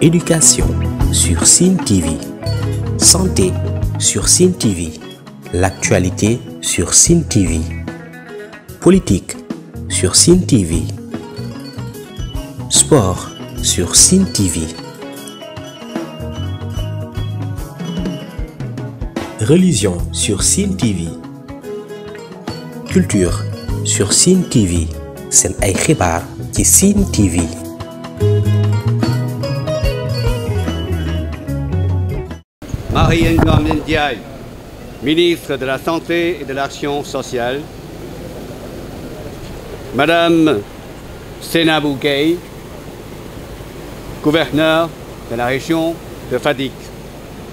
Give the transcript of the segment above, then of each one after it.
Éducation sur Cine TV. Santé sur Cine TV. L'actualité sur Cine TV. Politique sur Cine TV. Sport sur Cine TV. Religion sur Cine TV. Culture sur Cine TV. C'est ay qui Cine TV marie ministre de la Santé et de l'Action sociale, Madame Senabou gouverneur de la région de Fadik,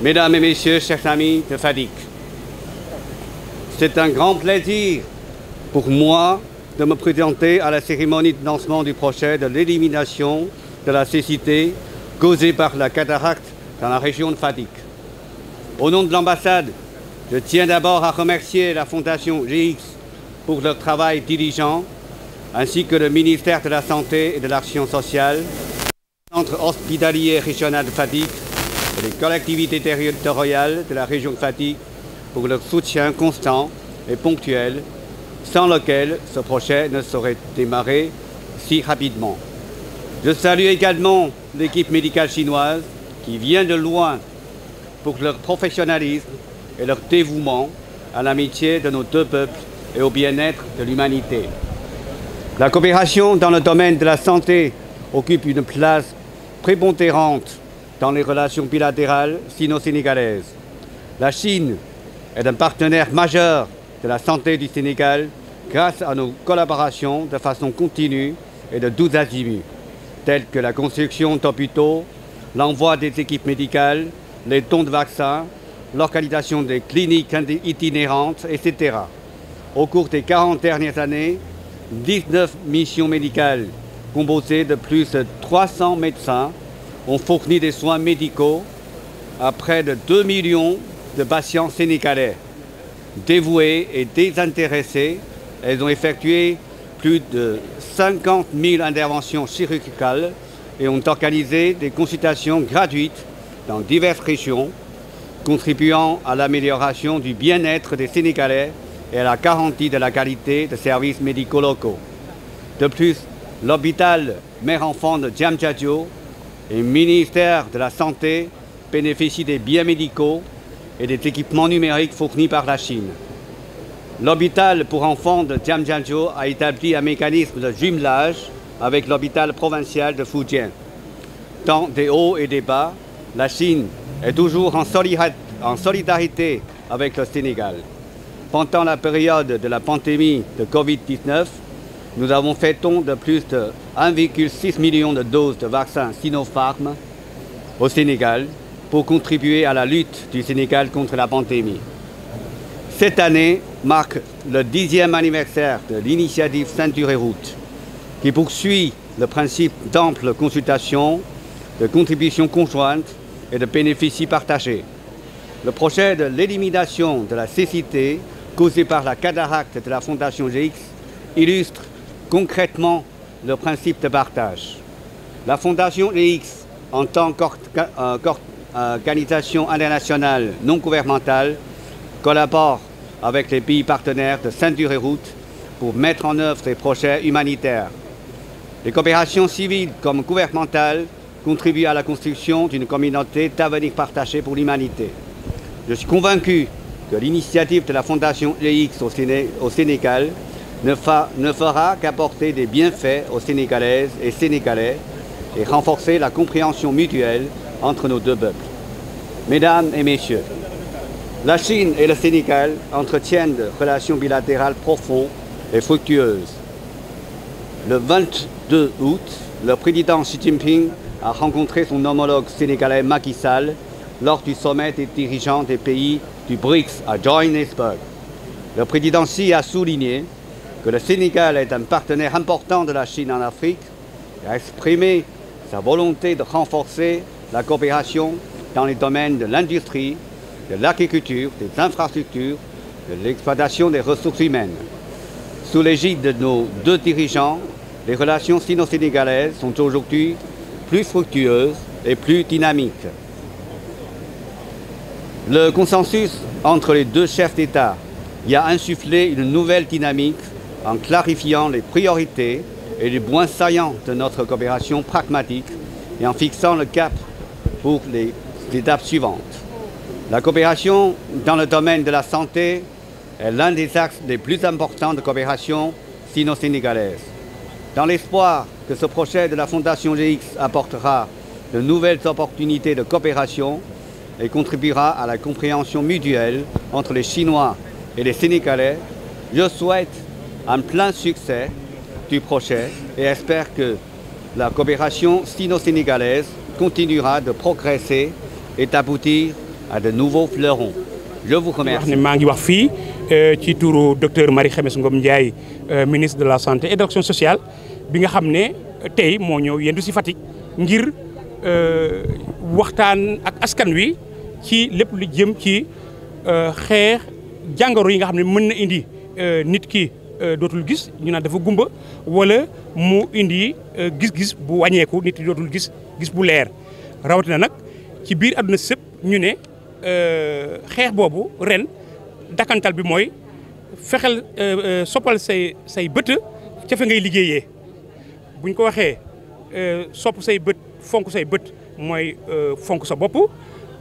Mesdames et Messieurs, chers amis de Fadik, c'est un grand plaisir pour moi de me présenter à la cérémonie de lancement du projet de l'élimination de la cécité causée par la cataracte dans la région de Fadik. Au nom de l'ambassade, je tiens d'abord à remercier la Fondation GX pour leur travail diligent, ainsi que le ministère de la Santé et de l'Action sociale, le Centre hospitalier régional de Fatigue et les collectivités territoriales de la région de Fatigue pour leur soutien constant et ponctuel, sans lequel ce projet ne saurait démarrer si rapidement. Je salue également l'équipe médicale chinoise qui vient de loin pour leur professionnalisme et leur dévouement à l'amitié de nos deux peuples et au bien-être de l'humanité. La coopération dans le domaine de la santé occupe une place prépondérante dans les relations bilatérales sino-sénégalaises. La Chine est un partenaire majeur de la santé du Sénégal grâce à nos collaborations de façon continue et de 12 azimuts, telles que la construction d'hôpitaux, l'envoi des équipes médicales, les dons de vaccins, l'organisation des cliniques itinérantes, etc. Au cours des 40 dernières années, 19 missions médicales composées de plus de 300 médecins ont fourni des soins médicaux à près de 2 millions de patients sénégalais. Dévouées et désintéressés, elles ont effectué plus de 50 000 interventions chirurgicales et ont organisé des consultations gratuites dans diverses régions, contribuant à l'amélioration du bien-être des Sénégalais et à la garantie de la qualité des services médicaux locaux. De plus, l'hôpital mère-enfant de Djamdjadjo et le ministère de la Santé bénéficient des biens médicaux et des équipements numériques fournis par la Chine. L'hôpital pour enfants de Djamdjanjo a établi un mécanisme de jumelage avec l'hôpital provincial de Fujian. tant des hauts et des bas, la Chine est toujours en, solidarité avec le Sénégal. Pendant la période de la pandémie de Covid-19, nous avons fait don de plus de 1,6 million de doses de vaccins Sinopharm au Sénégal pour contribuer à la lutte du Sénégal contre la pandémie. Cette année marque le dixième anniversaire de l'initiative Ceinture et Route, qui poursuit le principe d'ample consultation, de contribution conjointe et de bénéfices partagés. Le projet de l'élimination de la cécité causée par la cataracte de la Fondation GX illustre concrètement le principe de partage. La Fondation GX, en tant qu'organisation internationale non gouvernementale, collabore avec les pays partenaires de Ceinture et Route pour mettre en œuvre des projets humanitaires. Les coopérations civiles comme gouvernementales Contribuer à la construction d'une communauté d'avenir partagée pour l'humanité. Je suis convaincu que l'initiative de la Fondation EX au Sénégal ne, ne fera qu'apporter des bienfaits aux Sénégalaises et Sénégalais et renforcer la compréhension mutuelle entre nos deux peuples. Mesdames et Messieurs, la Chine et le Sénégal entretiennent des relations bilatérales profondes et fructueuses. Le 22 août, le président Xi Jinping a rencontré son homologue sénégalais Macky Sall lors du sommet des dirigeants des pays du BRICS à Johannesburg. Le président Xi a souligné que le Sénégal est un partenaire important de la Chine en Afrique et a exprimé sa volonté de renforcer la coopération dans les domaines de l'industrie, de l'agriculture, des infrastructures, de l'exploitation des ressources humaines. Sous l'égide de nos deux dirigeants, les relations sino-sénégalaises sont aujourd'hui plus fructueuse et plus dynamique. Le consensus entre les deux chefs d'État y a insufflé une nouvelle dynamique en clarifiant les priorités et les points saillants de notre coopération pragmatique et en fixant le cap pour les étapes suivantes. La coopération dans le domaine de la santé est l'un des axes les plus importants de coopération sino-sénégalaise. Dans l'espoir que ce projet de la Fondation GX apportera de nouvelles opportunités de coopération et contribuera à la compréhension mutuelle entre les Chinois et les Sénégalais, je souhaite un plein succès du projet et espère que la coopération sino-sénégalaise continuera de progresser et d'aboutir à de nouveaux fleurons. Je vous remercie. Je euh, docteur marie euh, ministre de la Santé et de l'Action sociale. bi nga xam ne tey moo ñëw yendu si Fatick ngir euh, waxtaan ak askan wi ci lépp lu jëm ci euh, xeex jàngoro yi nga xam ne mën na indi euh, nit ki dootul gis ñu naan dafa gumba wala mu indi gis-gis bu wàññeeku nit ki dootul gis gis bu leer rawatina nag ci biir àdduna sëpp ñu ne xeex boobu ren dakantal bi mooy fexeel sopal say say bët ca ngay liggéeyee buñ ko waxé euh sopp say beut fonk say beut moy euh fonk sa bop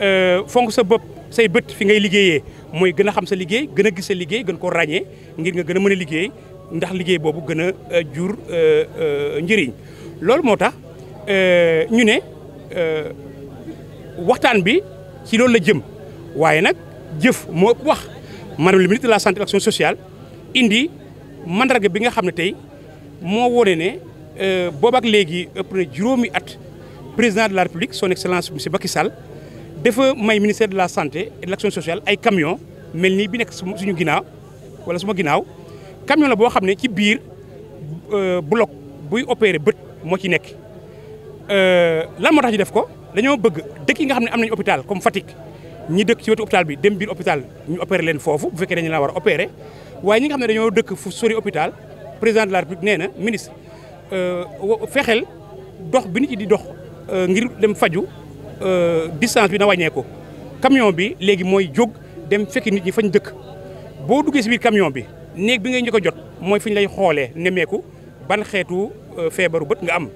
euh fonk sa bop say beut fi ngay liggéeyé moy gëna xam sa liggéey gëna gis sa liggéey gën ko rañé ngir nga gëna mëna liggéey ndax liggéey bobu gëna euh, jur euh euh njëriñ lool motax euh ñu né euh waxtaan bi ci lool la jëm waaye nak jëf mo wax madame le ministre de la santé action sociale indi mandarga bi nga xamné tay mo woné né Euh, boobu ak léegi ëpp na at président de la république son excellence monsieur Bakissal, Sall dafa may ministère de la santé et de l'action sociale ay camion mel nii bi nekk suñu ginnaaw wala suma ginnaaw camion la boo xam ne ci biir euh, bloc buy opéré bët moo ci nekk euh, lan moo tax def ko dañoo bëgg dëkk yi nga ne hôpital comme Fatick ñi dëkk ci wetu hôpital bi dem biir hôpital ñu opérer leen fofu bu fekké dañu la war opérer. opéré ñi nga xamné ne dëkk fu sori hôpital président de la république néna ministre Euh, fexeel dox bi nit yi di dox euh, ngir dem faju euh, distance bi na wàññeeku camion bi léegi mooy jóg dem fekki nit ñi fañ dëkk boo duggee si biir camion bi néeg bi ngay njëkk a jot mooy fi ñu lay xoolee nemmeeku ban xeetu feebaru bët nga am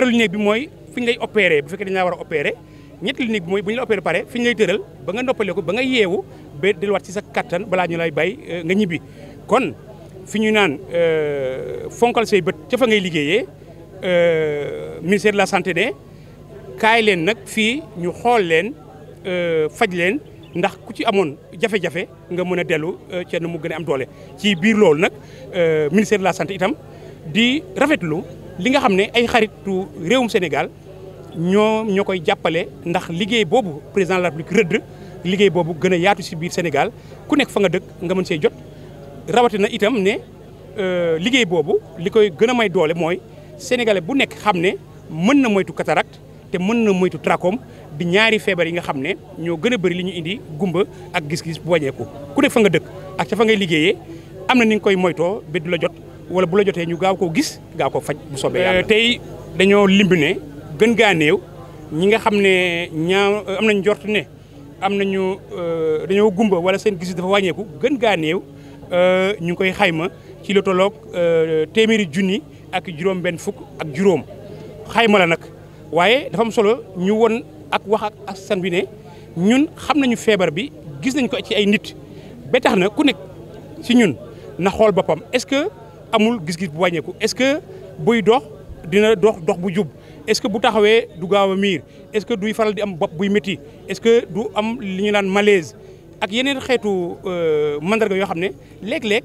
lu néeg bi mooy fi ñu lay opéré bu fekkee dañ war a opéré ñetteelu néeg bi mooy bu ñu la pare fi ñu lay tëral ba nga noppaleeku ba nga yeewu ba delluwaat ci sa kattan balaa ñu lay bay nga ñibbi kon fi ñu naan euh, fonkal say bët ca fa ngay liggéeyee euh, ministère de la santé ne kaay leen nag fii ñu xool leen euh, faj leen ndax ku ci amoon jafe-jafe nga mën a dellu ca mu gën a am doole. ci biir loolu nag ministère de la santé itam di rafetlu li nga xam ne ay xaritu réewum Sénégal ñoo ñoo koy jàppale ndax liggéey boobu président de la République rëdd liggéey boobu gën a yaatu si biir Sénégal ku nekk fa nga dëkk nga mën see jot. rawatina itam ne euh, liggéey boobu li koy gën a may doole mooy sénégalais bu nekk xam ne mën na moytu cataracte te mën na moytu trachome bi ñaari feebar yi nga xam ne ñoo gën a bëri li ñu indi gumba ak gis-gis wàññeeku ku nekk fa nga dëkk ak fa ngay liggéeyee am na ni koy moytoo ba la jot wala bu la jotee ñu gaaw koo gis gaaw koo faj bu soobee yàlla euh, tey dañoo limb ne gën gaa néew ñi nga xam ne ñaaw am nañ njort ne am nañu euh, dañoo gumba wala seen gis dafa wàññeeku gën gaa néew Euh, ñu ngi koy xayma ci lu tolloog euh, téeméeri junni ak juróom benn fukk ak juróom xayma la nag waaye dafa am solo ñu won ak wax ak askan bi ne ñun xam nañu feebar bi gis nañ ko ci ay nit ba tax na ku nekk ci ñun na xool boppam est-ce que amul gis-gis bu wàññeeku est-ce que buy dox dina dox dox bu jub est-ce que bu taxawee du gaaw a miir est-ce que duy faral di am bopp buy métti est-ce que du am li ñu naan malaise ak yeneen xeetu euh, mandarga yoo xam ne léeg-léeg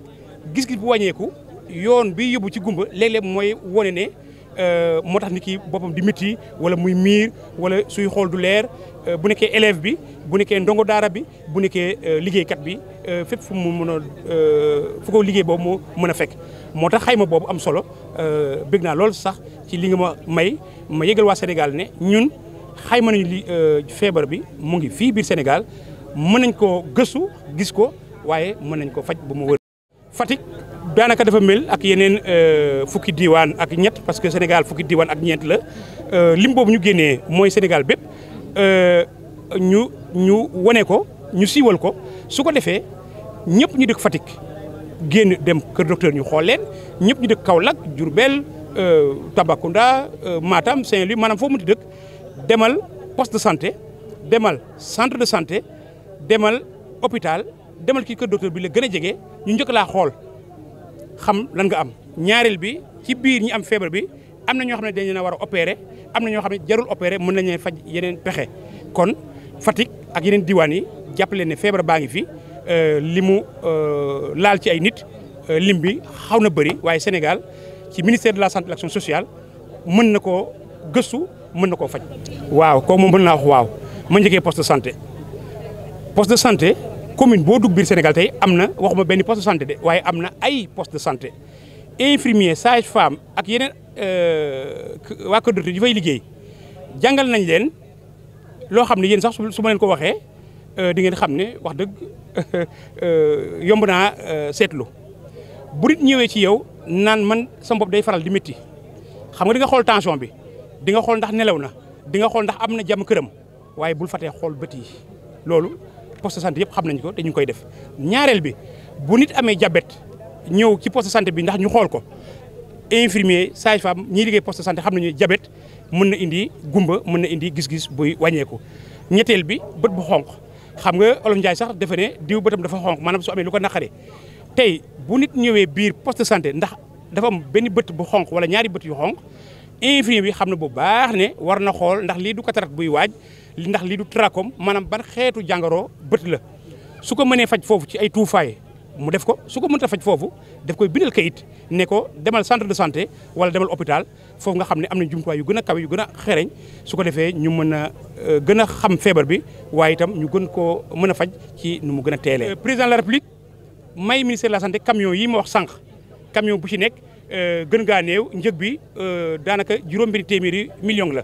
gis-gis bu wàññeeku yoon bi yóbbu ci gumba léeg-léeg mooy wone ne euh, moo tax nit ki boppam di métti wala muy miir wala suy xool du leer euh, bu nekkee élève bi bu nekkee ndongo daara bi bu nekkee liggéeykat bi fépp fu mu mën a fu ko liggéey boobu mu mën a fekk. moo tax xayma boobu am solo bëgg naa loolu sax ci li nga ma may ma yëgal waa Sénégal ne ñun xayma nañu li feebar bi mu ngi fii biir Sénégal. mën nañ koo gëstu gis ko waaye mën nañ ko faj ba mu wër. Fatick daanaka dafa mel ak yeneen euh, fukki diwaan ak ñett parce que Sénégal fukki diwaan ak ñeent la euh, lim boobu ñu génnee mooy Sénégal bépp euh, ñu ñu wane ko ñu siiwal ko su ko defee ñëpp ñu dëkk Fatick génn dem kër docteur ñu xool leen ñëpp ñu dëkk Kaolack Diourbel Tambacounda Matam Saint-Louis maanaam foo mu di dëkk demal poste de santé demal centre de santé. demal hôpital demal kii kër docteur bi la gën a jege ñu njëkk laa xool xam lan nga am ñaareel bi ci biir ñi am feebar bi am na ñoo xam ne dañ leen a war a opérer am na ñoo xam ne jarul opérer mën nañu faj yeneen pexe kon Fatick ak yeneen diwaan yi jàpp ne feebar baa ngi fi euh, li mu euh, laal ci ay nit euh, lim bi xaw na bëri waaye Sénégal ci ministère de la santé et sociale mën na koo gëstu mën na koo faj. waaw kooku moom mën naa wax waaw ma njëkkee poste de santé. poste de santé commune boo dugg biir Sénégal tey am na waxuma benn poste de santé de waaye am na ay poste de santé infirmier sage femme ak yeneen euh, waa Kër Docteur liggéey jàngal nañ leen loo xam ne yéen sax su ma leen ko waxee euh, di ngeen xam ne wax dëgg euh, yomb naa seetlu bu ñëwee ci yow naan man sa bopp day faral di métti xam nga di nga xool tension bi di nga xool ndax nelaw na di nga xool ndax am na jàmm këram waaye bul fatee xool bët yi loolu poste de santé yëpp xam nañ ko te ñu koy def ñaareel bi bu nit amee jabet ñëw ci post de santé bi ndax ñu xool ko infirmier sage-femme ñiy liggéey poste de santé xam nañu diabète mën na indi gumba mën na indi gis-gis buy wàññeeku ñetteel bi bët bu xonq xam nga olof Njaay sax defe diw bëtam dafa xonq maanaam su amee lu ko naqaree tey bu nit ñëwee biir poste de santé ndax dafa am benn bët bu xonq wala ñaari bët yu xonq infirmier bi xam na bu baax ne war na xool ndax lii du katarat buy waaj ndax li du trachome maanaam ban xeetu jàngoro bët la su ko mënee faj foofu ci ay tuufaay mu def ko su ko mënee faj foofu def koy bindal kayit ne ko demal centre de santé wala demal hôpital foofu nga xam ne am na jumtuwaay yu gën a kawe yu gën a xereñ su ko defee ñu mën a euh, gën a xam feebar bi waaye itam ñu gën ko mën a faj ci nu mu gën a teelee. Euh, président de la république may ministère la santé camion yi ma wax sànq camion bu ci nekk euh, gën gaa néew njëg bi daanaka juróom téeméeri million la.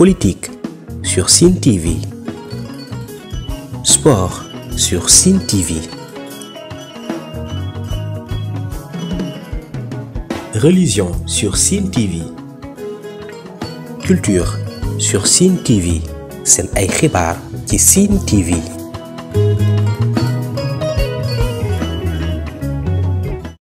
Politique sur Cine TV. Sport sur Cine TV. Religion sur Cine TV. Culture sur Cine TV. C'est un qui ci Cine TV